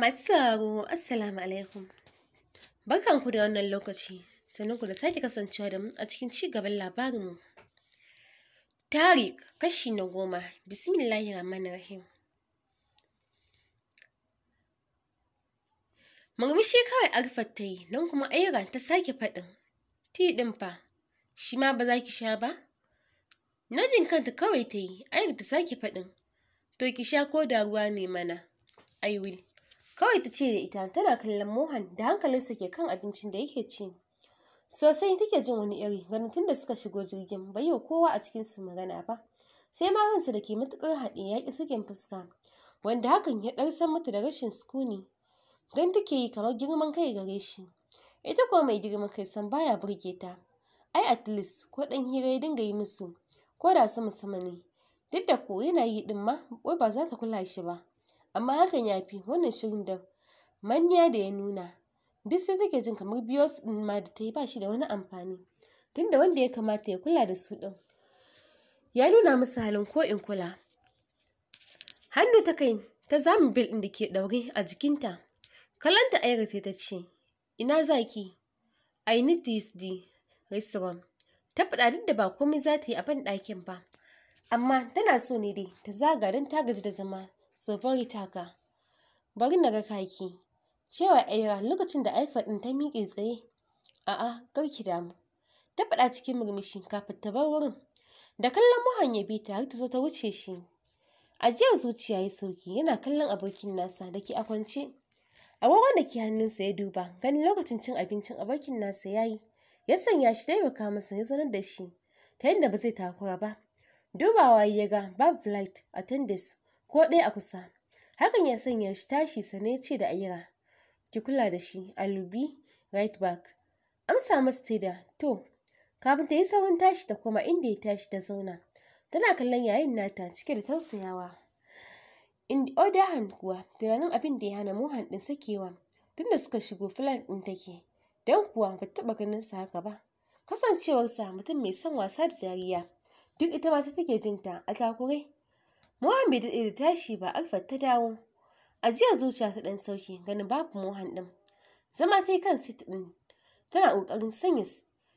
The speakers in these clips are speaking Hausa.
Masu Assalamu alaikum. Barkanku da wannan lokaci, ku da sake kasancewa da mu a cikin ci gaban labarinmu. Tariq kashi na goma, bismillahi rahmanir rahim. Murmushi kawai arfar ta yi, nan kuma ayyara ta sake faɗin. Ti ɗin fa, shi ma ba za ki sha ba? Nadin kanta kawai ta yi, ayyar ta sake faɗin. To ki sha ko da ruwa ne mana. I will. kawai ta ce da ita tana kallon mohan da hankalinsa ke kan abincin da yake ci sosai take jin wani iri ganin tunda suka shigo jirgin bai yi kowa a cikinsu magana ba sai ma ransa da ke matuƙar haɗe ya ƙi sakin fuska wanda hakan ya ɗarsan mata da rashin sukuni don take yi kamar girman kai gare shi ita kuwa mai girman kai san baya burge ta ai at least ko ɗan hira ya dinga yi musu ko da su musamman ne duk da ko yana yi ɗin ma wai ba za ta kula shi ba amma hakan ya fi wannan shirin da manya da ya nuna duk sai take jin kamar biyo ɗin ma da ta yi ba shi da wani amfani tun da wanda ya kamata ya kula da su ɗin ya nuna musu halin ko in kula hannu ta kai ta zamu bil ɗin da ke ɗauri a jikinta a yarda ta ce ina zaki i need this the restaurant ta faɗa duk da ba komai za ta yi a ban ɗakin ba amma tana so ne dai ta zaga zagarin ta gaji da zama su bari taka bari na ga kaki cewa aira lokacin da aifa ɗin ta miƙe tsaye a'a kar ki damu ta faɗa cikin murmushi kafin ta bar wurin da kallon mohan ya bi ta har ta zo ta wuce shi ajiyar zuciya ya sauki yana kallon abokin nasa da ke a kwance agogon da ke hannunsa ya duba ganin lokacin cin abincin abokin nasa ya yi ya sanya shi taimaka masa ya zanar da shi ta yadda ba zai takura ba dubawa ya ga babu flight attendance ko ɗaya a kusa hakan ya sanya shi tashi sane ya ce da ayyara ki kula da shi alubi lubi, right back amsa masa ta da to kafin ta yi saurin tashi ta koma inda ya tashi ta zauna tana kallon yayin nata cike da tausayawa in the hand kuwa tunanin abin da ya hana mohan ɗin sakewa tunda suka shigo filan ɗin take don kuwa ba taɓa ganin sa haka ba kasancewarsa mutum mai son wasa da dariya duk ita ma take jinta a takure Mohan bai daɗe da tashi ba alfar ta dawo. Ajiya zuciya ta ɗan sauki ganin babu Mohan ɗin. Zama ta yi kan sit ɗin tana ƙoƙarin sanya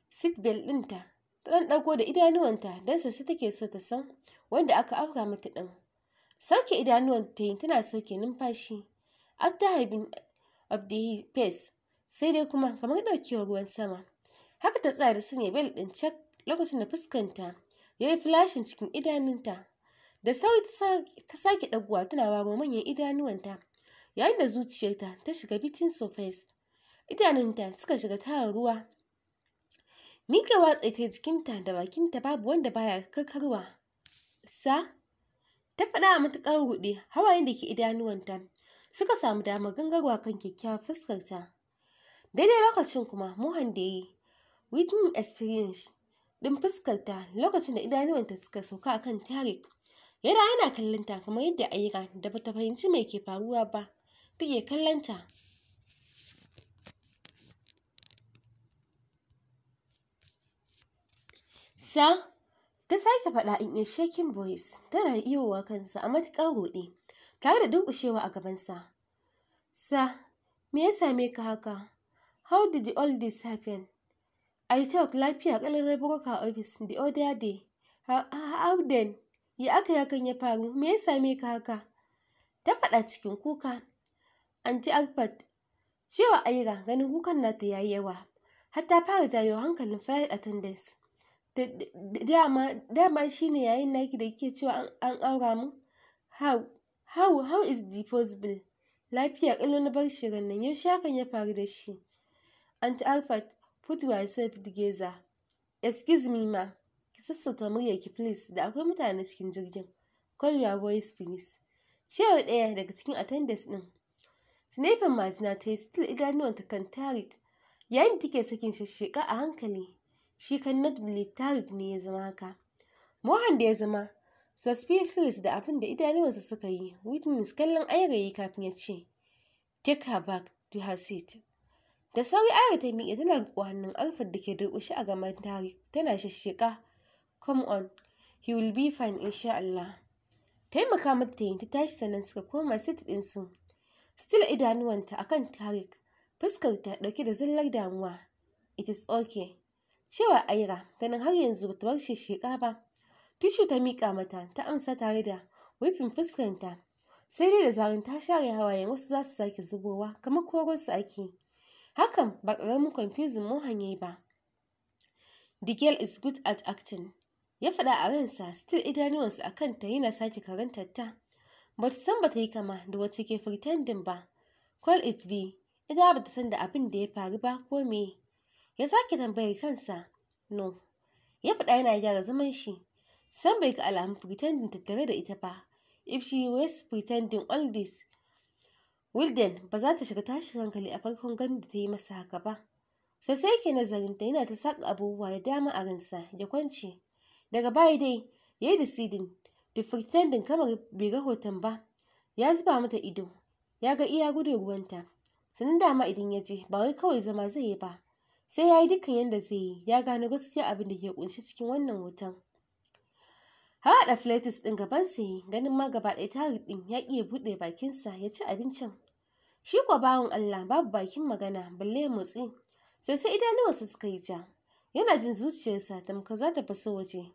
sit bel ɗinta ta ɗan ɗago da idanuwanta don sosai take so ta san wanda aka afka mata ɗin. Sauke idanuwan ta yi tana sauke numfashi. After having of the sai dai kuma kamar ɗaukewar ruwan sama. Haka ta tsaya da sanya bel ɗin cak lokacin da fuskanta ya yi cikin idanunta. da sauri ta sake ɗaguwa tana waro manyan idanuwanta yayin da zuciyarta ta shiga bitin surface idanunta suka shiga tara ruwa miƙe watsa ta jikinta da bakinta babu wanda baya karkarwa sa ta faɗa a matuƙar ruɗe hawayen da ke idanuwanta suka samu damar gangarwa kan kyakkyawar fuskarta daidai lokacin kuma mohan da yi witin experience ɗin fuskarta lokacin da idanuwanta suka sauka a kan tarik Yara ana yana kallon ta kamar yadda ayyuka da bata fahimci mai ke faruwa ba take kallon ta sa ta sake faɗa in a shaking voice tana iyo wa kansa a matuƙar roɗe tare da dunkushewa a gabansa sa me ya same ka haka how did all this happen i talk lafiya ƙalar a office the other day how then Yi aka yi hakan ya faru me ya same ka haka ta faɗa cikin kuka anti alfat cewa aira ganin kukan nata yayi yawa har fara jayo hankalin flight attendants dama dama shine yayin naki da kike cewa an aura mu how how is the possible lafiya kallo na bar shi nan yaushe hakan ya faru da shi anti alfat put yourself together excuse me ma ki sassauta ki please da akwai mutane cikin jirgin call your voice please cewa ɗaya daga cikin attendance ɗin Sinefin majina ta yi still idanuwanta kan tarik yayin da take sakin shashshika a hankali shi kan not believe tarik ne ya zama haka mohan da ya zama suspicious da abin da idanuwansa suka yi witness kallon airayi kafin ya ce take her back to her seat da sauri aira ta miƙe tana riƙo hannun alfar da ke durƙushi a gaban tarik tana shashshika come on he will be fine insha Allah taimaka mata ta ta tashi sannan suka koma sit din su still idanuwanta akan Tariq fuskar ta dauke da zallar damuwa it is okay cewa Aira ganin har yanzu bata bar shi sheka ba tishu ta mika mata ta amsa tare da wifin fuskanta sai dai da zarin ta share hawayen wasu za su sake zubowa kamar koron su ake hakan ba ƙaramin confusing mu ba the girl is good at acting ya faɗa a ransa still idanuwansa a kanta yana sake karantar ta ba ta san ba ta yi kama da wacce ke pretending ba call it be ita ba ta san da abin da ya faru ba ko me ya sake tambayar kansa no ya faɗa yana gyara zaman shi san bai ga alamun pretending tattare da ita ba if she was pretending all this wilden ba za ta shiga tashin hankali a farkon ganin da ta yi masa haka ba sosai ke nazarinta yana ta saka abubuwa da dama a ransa ya kwance daga baya dai yayi disidin da pretending kamar bai ga hoton ba ya zuba mata ido ya ga iya gudun ruwanta sanin dama idan ya je ba wai kawai zama zai yi ba sai ya yi dukkan yadda zai yi ya gano gaskiya abin da ke kunshe cikin wannan hoton haɗa fletis ɗin gaban sai ganin ma gaba ɗaya tarin ɗin ya iya buɗe bakinsa ya ci abincin shi kuwa bawan Allah babu bakin magana balle motsi sosai sai idanuwarsa suka yi ja yana jin zuciyarsa tamkar za ta faso waje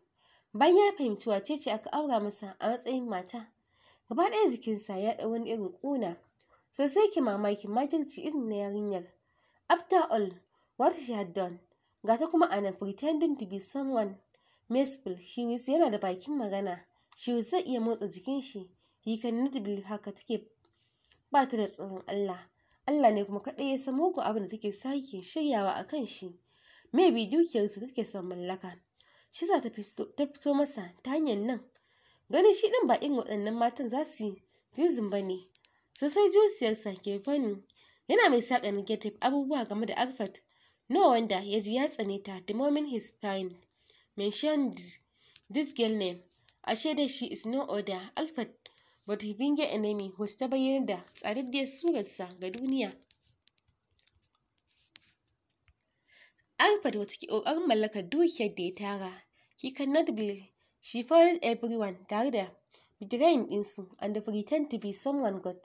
bayan ya fahimci wace ce aka aura masa a matsayin mata gaba ɗaya jikinsa ya ɗau wani irin ƙuna sosai ke mamakin makirci irin na yarinyar after all what she had done ga ta kuma ana pretending to be someone Mesfil Hughes yana da bakin magana Hughes zai iya motsa jikin shi he na believe haka take ba ta da tsoron Allah Allah ne kuma kaɗai ya san mugun abin da take sake shiryawa a kan shi maybe dukiyarsa take son mallaka shi za ta fito masa ta hanyar nan ganin shi ɗin ba irin waɗannan matan za su yi juzin ba ne sosai zuciyarsa ke fani yana mai saƙa negative abubuwa game da alfred no wanda ya ji ya tsane ta the moment his spine mentioned this girl name ashe da shi is no other alfred but he being your enemy was ta bayyana da tsararriyar surarsa ga duniya alfred wata ke ƙoƙarin mallakar dukiyar da ya tara He cannot believe. She followed everyone tare da betraying ɗinsu and pretend to be someone God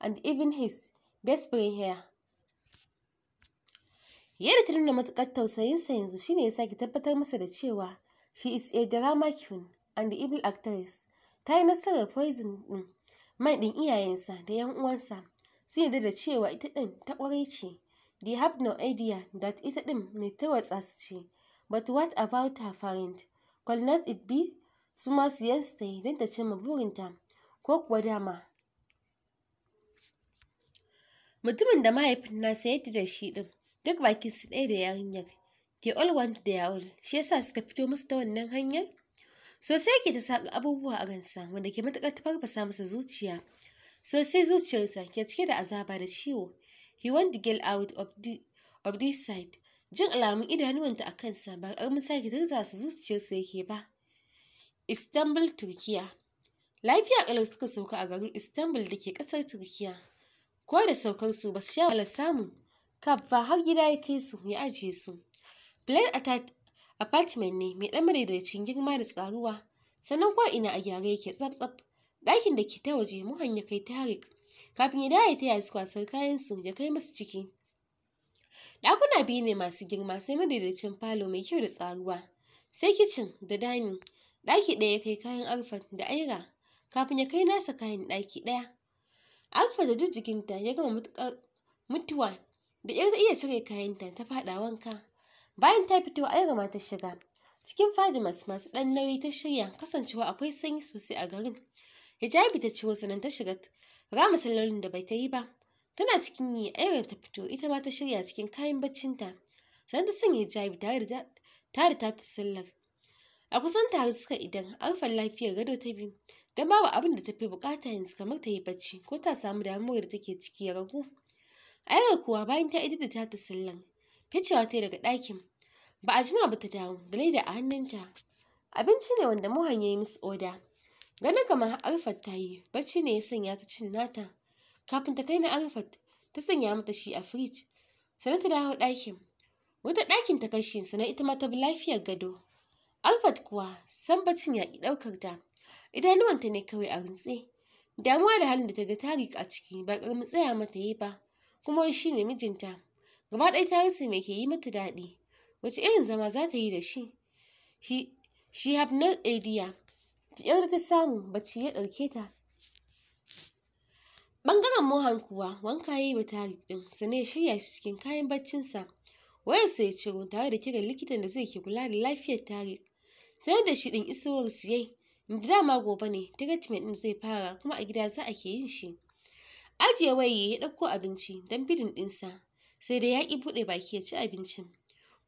and even his best friend here. Yadda ta nuna matuƙar tausayinsa yanzu shine ya sake tabbatar masa da cewa she is a drama queen and evil actress. Ta yi nasarar poison ɗin mai ɗin iyayensa da 'yan uwansa sun yarda da cewa ita ɗin ta ƙwarai ce. They have no idea that ita ɗin mai tarwatsa ce. But what about her parents Could not it be small yi don ta cimma burinta ko kuwa dama mutumin da mahaifin nasa ya da shi ɗin duk bakin su ɗaya da yarinyar they all want their own shi yasa suka fito musu ta wannan hanyar sosai yake ta saƙa abubuwa a ransa wanda ke matuƙar ta farfasa masa zuciya sosai zuciyarsa ke cike da azaba da ciwo he want to get out of, of this side jin alamun idanuwanta a kansa ba ƙaramin sake turza su zuciyarsa yake ba istanbul turkiya lafiya ƙalau suka sauka a garin istanbul da ke ƙasar turkiya ko da saukarsu ba su sha wala samun kaf ba har gida ya kai su ya ajiye su plain apartment ne mai ɗan madaidaicin girma da tsaruwa sannan ko ina a gyara yake tsaf-tsaf ɗakin da ke ta waje muhan ya kai tarik kafin ya dawo ya taya su kwasar kayansu, ya kai musu ciki Ɗakuna biyu ne masu girma sai madaidaicin falo mai kyau da tsaruwa, sai kicin da dining. Ɗaki ɗaya ya kai kayan arfa da Aira kafin ya kai nasa kayan ɗaki ɗaya. Arfa da duk jikinta ya gama matuƙar mutuwa da ƙyar ta iya cire kayanta ta faɗa wanka. Bayan ta fito Aira ma ta shiga. Cikin pajamas masu ɗan nauyi ta shirya kasancewa akwai sanyi sosai a garin. Hijabi ta ciro sannan ta shiga rama sallolin da bai ta yi ba. tana cikin yi ayyar ta fito ita ma ta shirya cikin kayan baccinta sannan ta sanya hijabi tare da ta ta sallar a kusan tare suka idan arfan lafiyar gado ta biyu don babu abin da ta fi bukata yanzu kamar ta yi bacci ko ta samu damuwar da take ciki ya ragu ayyar kuwa bayan ta idar da ta ta sallar ficewa ta daga ɗakin ba a jima ba ta dawo da laida a hannunta abinci ne wanda muhan ya yi musu oda ganin kamar arfar ta yi bacci ne ya sanya ta cin nata kafin ta kai na arfat ta sanya mata shi a firij sannan ta dawo ɗakin wata ɗakin ta kashe sannan ita ma ta bi lafiyar gado arfat kuwa san bacin ya ki ɗaukar ta idanuwanta ne kawai a rintse damuwa da halin da ta ga tarik a ciki ba ƙaramin tsaya mata yi ba kuma shi ne mijinta gaba ɗaya ta rasa mai ke yi mata daɗi wace irin zama za ta yi da shi Shi have no idea ta ta samu bacci ya ɗauke ta Ɓangaren Mohan kuwa wanka ya yi wa Tarik ɗin sannan ya shirya shi cikin kayan baccinsa. Wayarsa ya ciro tare da kiran likitan da zai ke kula da lafiyar Tarik. Tana da shi ɗin isowar su yai, da dama gobe ne treatment ɗin zai fara kuma a gida za a ke yin shi. Ajiye wayar ya ɗauko abinci don bidin ɗinsa, sai dai ya ƙi buɗe baki ya ci abincin.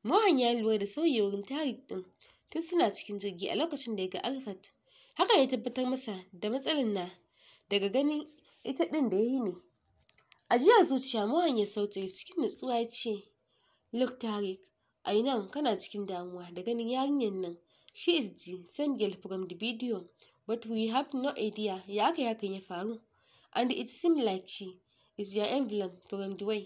Mohan ya lura da sauyi wurin Tarik ɗin tun suna cikin jirgi a lokacin da ya ga Arfat. Hakan ya tabbatar masa da matsalar na daga ganin ita ɗin da ya yi ne jiya zuciya mohan ya cikin nutsuwa ya ce look tarik i kana cikin damuwa da ganin yarinyar nan she is the same girl from the video but we have no idea ya aka yakan ya faru and it seems like she is your envelope from the way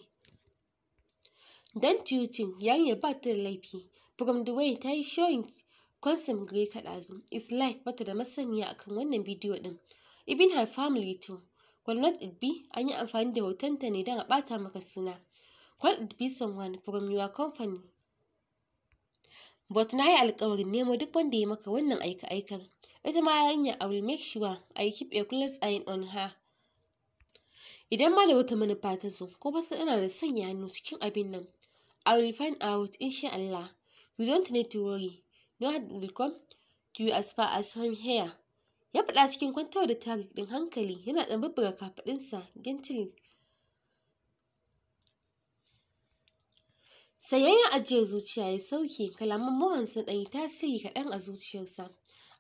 don't you think yarinyar ba ta da laifi from the way ta yi showing consum gray kaɗazu it's like bata da masaniya akan wannan bidiyo ɗin even her family too Cannot it be? An yi amfani da hotonta ne don a ɓata maka suna. Call it be someone from your company. But na yi alƙawarin nemo duk wanda ya maka wannan aika-aikar. Ita ma yarinya I will make sure I keep a close eye on her. Idan ma da wata manufa ta zo, ko ba tana da sanya hannu cikin abin nan. I will find out insha Allah. You don't need to worry. No hard will come to you as far as I'm here. ya faɗa cikin kwantar da tarik ɗin hankali yana ɗan bubbuga kafaɗinsa gently sayayyen ajiyar zuciya ya sauke kalaman mohan sun ɗanyi tasiri kaɗan a zuciyarsa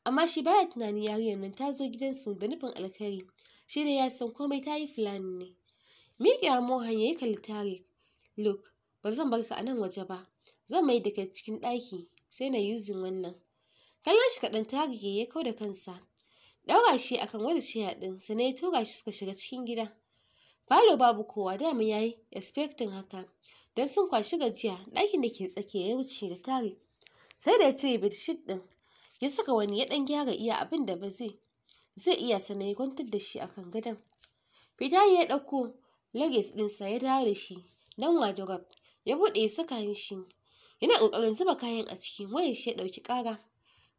amma shi baya tunanin yarinyar nan ta zo gidansu da nufin alkhairi shi ne ya san komai ta yi fulani ne a mohan ya yi kalli tarik look ba zan barka a nan waje ba zan mai da cikin ɗaki sai na yuzin wannan kallon shi kaɗan tarik ya kau da kansa Ɗaura shi kan wani ciya ɗin sannan ya tura shi suka shiga cikin gida. Falo babu kowa dama ya yi expecting haka don sun kwashi gajiya ɗakin da ke tsakiya ya wuce da tari. Sai da ya cire bedsheet ɗin ya saka wani ya ɗan gyara iya abin da ba zai zai iya sannan ya kwantar da shi a kan gadon. Fita ya ɗauko luggage ɗinsa ya dawo da shi don wardrobe ya buɗe ya saka mishi yana ƙoƙarin zuba kayan a cikin wayar shi ya ɗauki ƙara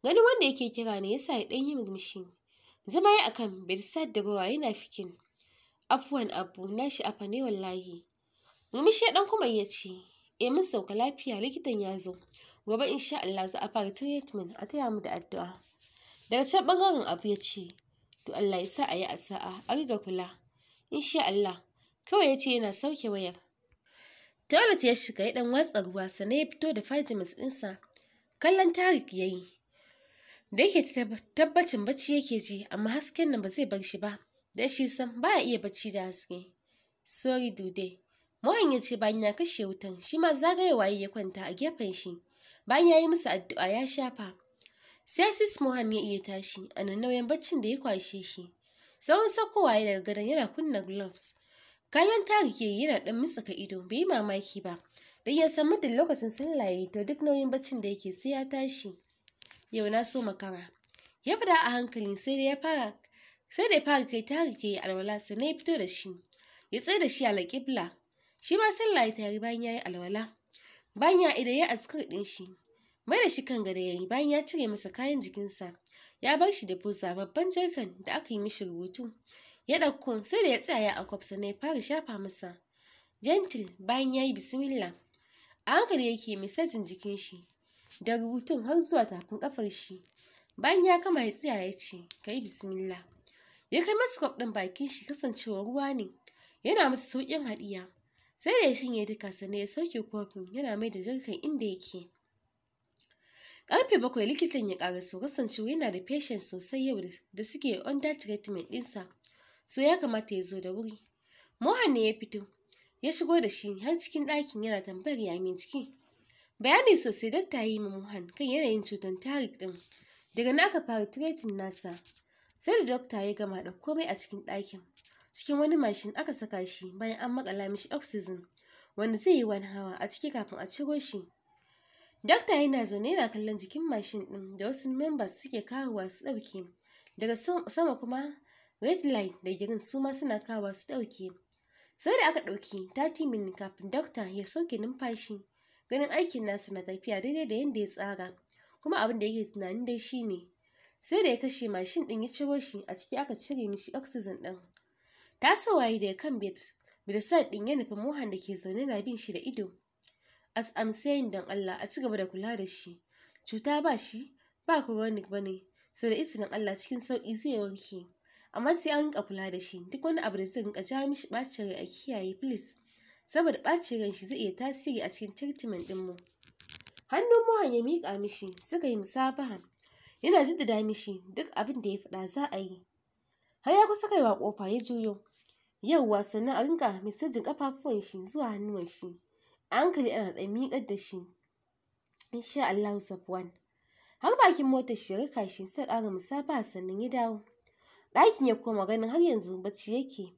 ganin wanda yake kira ne ya sa ya ɗan yi murmushi Zama ya akan bedside da gowa yana fikin. Afuwan abu na shi afa ne wallahi. Murmushi shi ɗan kuma ya ce, E mun sauka lafiya likitan ya zo. Gobe insha Allah za a fara treatment a taya mu da addu'a. Daga can bangaren abu ya ce, To Allah ya sa a yi asa'a a riga kula. Insha Allah kawai ya ce yana sauke wayar. Toilet ya shiga ya ɗan watsa ruwa sannan ya fito da pajamas ɗinsa. Kallon Tarik ya yi. da yake tabbacin bacci yake ji amma hasken nan ba zai bar shi ba Don shi san ba iya bacci da haske sori dude mohan ya ce bayan ya kashe wutan shi ma zagayewa ya kwanta a gefen shi bayan ya yi musu addu'a ya shafa sai sis mohan ya iya tashi a nan nauyin baccin da ya kwashe shi tsawon sakowa ya daga gadon yana kunna gloves kallon tarike yana dan mutsuka ido bai yi mamaki ba don ya san muddin lokacin sallah yayi to duk nauyin baccin da yake sai ya tashi yau na so makara ya fada a hankali sai da ya fara sai da fara kai ta harke alwala sannan ya fito da shi ya tsaye da shi a laƙibla shi ma sallah ya tayari bayan ya yi alwala bayan ya ida ya azkar ɗin shi mai da shi kan gada yayi bayan ya cire masa kayan jikinsa ya bar shi da buza babban jarkan da aka yi mishi rubutu ya ɗauko sai da ya tsaya a kwafsa na ya fara shafa masa gentil bayan ya yi bismillah a hankali yake mai sajin jikin shi da rubutun har zuwa tafin kafar shi bayan ya kama ya tsaya ya ce ka yi bismillah ya kai masu kwaf ɗin bakin shi kasancewa ruwa ne yana masu sauƙin haɗiya sai da ya shanye duka sannan ya sauke kofin yana mai da jarkan inda yake karfe bakwai likitan ya su kasancewa yana da patient sosai yau da suke under treatment ɗinsa so ya kamata ya zo da wuri mohan ne ya fito ya shigo da shi har cikin ɗakin yana tambayar ya yamin ciki bayani sosai don ta yi ma kan yanayin cutar tarik ɗin. Daga na aka fara tiretin nasa, sai da dokta ya gama da komai a cikin ɗakin. Cikin wani mashin aka saka shi bayan an makala mishi oxygen, wanda zai yi wani hawa a ciki kafin a ciro shi. Dokta yana zaune yana kallon jikin mashin ɗin da wasu membas suke kawowa su ɗauke. Daga sama kuma red light da girin su ma suna kawowa su ɗauke. Sai da aka ɗauki 30 min kafin dokta ya sauke numfashi. ganin aikin nasa na tafiya daidai da yadda ya tsara kuma abin da yake tunani dai shine sai da ya kashe mashin din ya ciro shi a ciki aka cire mishi oxygen din waye da ya kan bed sa ɗin ya nufi mohan da ke zaune na bin shi da ido as am saying don Allah a ci gaba da kula da shi cuta ba shi ba chronic ne, so da izinin Allah cikin sauki zai warke amma sai an rinka kula da shi duk wani abu da zai rinka ja mishi bacin rai a kiyaye please saboda ɓacin ran shi zai iya tasiri a cikin treatment ɗin mu hannun mohan ya miƙa mishi suka yi musabaha yana jaddada mishi duk abin da ya faɗa za a yi har ya kusa kaiwa ƙofa ya juyo yauwa sannan a rinka misajin ƙafafuwan shi zuwa hannuwan shi a hankali ana ɗan miƙar da shi insha Allah Safwan har bakin motar shi ya rika shi sai ƙara musabaha sannan ya dawo ɗakin ya koma ganin har yanzu bacci yake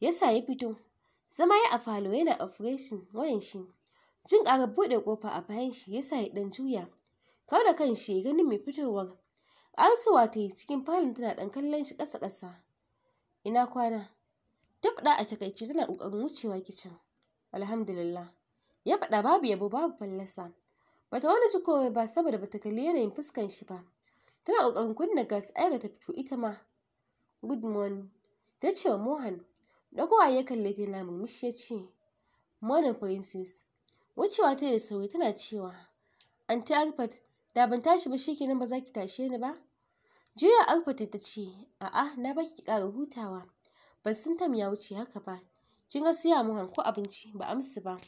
yasa ya fito Zama ya a falo yana operation wayan shi. Jin ƙarar buɗe ƙofa a bayan shi yasa ya ɗan juya. Kau da kan shi ganin mai fitowar. Ƙarasowa ta yi cikin falon tana ɗan kallon shi ƙasa ƙasa. Ina kwana? Ta faɗa a takaice tana ƙoƙarin wucewa kicin. Alhamdulillah. Ya faɗa babu yabo babu fallasa. Bata wani ji komai ba saboda bata kalli yanayin fuskan shi ba. Tana ƙoƙarin kunna gas Aira ta fito ita ma. Good morning. Ta ce wa Mohan. Dagowa ya kalle ta yana murmushi ya ce, Morning Princess. Wucewa ta da sauri tana cewa, Anti Arfat, da ban tashi ba shi kenan ba za ki tashe ni ba? Juya Arfat ta ce, A'a, na baki ki ƙara hutawa. Ban san tam ya wuce haka ba. Kin ga siya mu ko abinci ba amsu ba.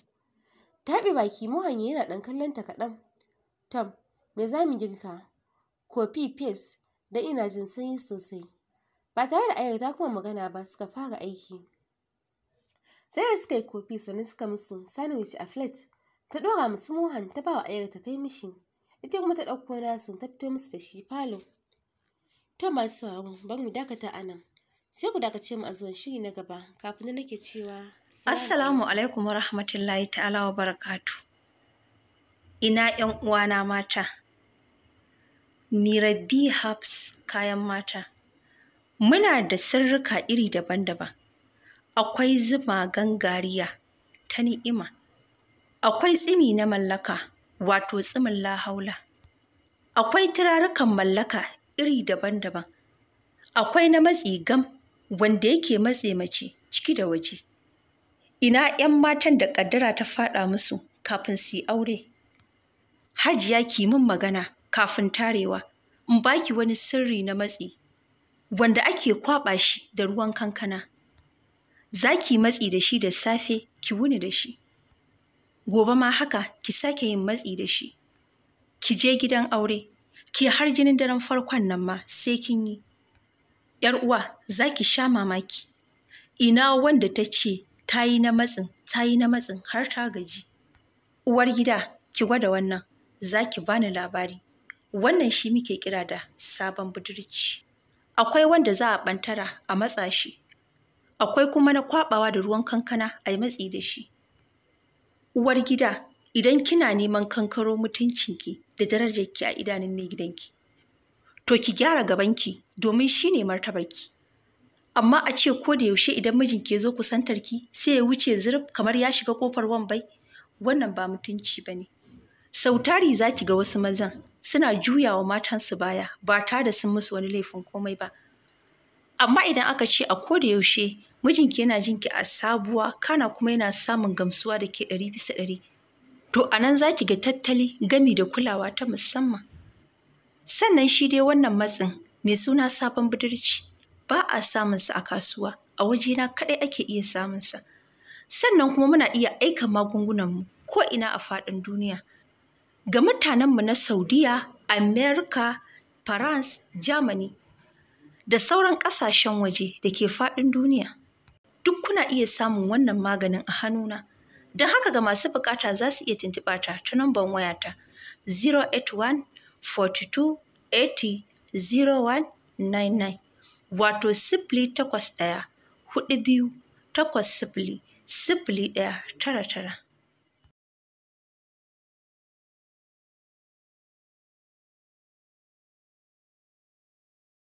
Ta bi baki Mohan yana ɗan kallon ta kaɗan. Tom, me za mu girka? Kofi fes, da ina jin sanyi sosai. Ba tare da Ayar kuma magana ba suka fara aiki. sai da suka yi kofi sannan suka musu sandwich a flat ta ɗora musu mohan ta ba wa ayar ta kai mishi ita kuma ta ɗauko nasu ta fito musu da shi falo to masu sauraro bar mu dakata a nan sai ku dakace mu a zuwan shiri na gaba kafin da nake cewa assalamu alaikum warahmatullahi ta'ala wa barakatu ina yan uwana mata ni rabi hafs kayan mata muna da sirrika iri daban-daban akwai zuma gangariya ta ni'ima, akwai tsimi na mallaka wato tsimin lahaula, akwai turarukan mallaka iri daban-daban, akwai na matsi gam wanda yake matse mace ciki da waje. Ina ‘yan matan da ƙaddara ta faɗa musu kafin su aure? Hajiya ki min magana kafin tarewa, in baki wani sirri na matsi wanda ake kwaɓa shi da ruwan kankana. za ki matsi da shi da safe ki wuni da shi gobe ma haka ki sake yin matsi da shi ki je gidan aure ki har jinin daren farkon nan ma sai kin yi yar uwa za ki sha mamaki ina wanda ta ce ta yi na matsin ta yi na matsin har ta gaji uwar gida ki gwada wannan za ki bani labari wannan shi muke kira da sabon budurci akwai wanda za a ɓantara a matsashi. akwai kuma na kwaɓawa da ruwan kankana a yi matsi da shi. Uwar gida, idan kina neman kankaro mutuncinki da darajarki a idanun mai gidanki, to ki gyara gabanki domin shi ne martabarki. Amma a ce ko da yaushe idan mijinki ya zo kusantarki sai ya wuce zurf kamar ya shiga kofar wambai, wannan ba mutunci ba ne. Sautari za ki ga wasu mazan suna juyawa matansu baya ba tare da sun musu wani laifin komai ba. Amma idan aka ce a ko da yaushe mijinki yana jin ki a sabuwa kana kuma yana samun gamsuwa da ke ɗari bisa ɗari to a nan za ki ga tattali gami da kulawa ta musamman sannan shi dai wannan matsin mai suna sabon budurci ba a samunsa a kasuwa a wajena kaɗai ake iya samun sa. sannan kuma muna iya aika magungunan mu ko ina a faɗin duniya ga mutanenmu na saudiya america france germany da sauran ƙasashen waje da ke faɗin duniya duk kuna iya samun wannan maganin a hannuna. Don haka ga masu bukata za su iya tuntuɓa ta ta namban wayata 081 42 80 0199 wato sifili takwas ɗaya hudu biyu takwas sifili sifili ɗaya tara tara.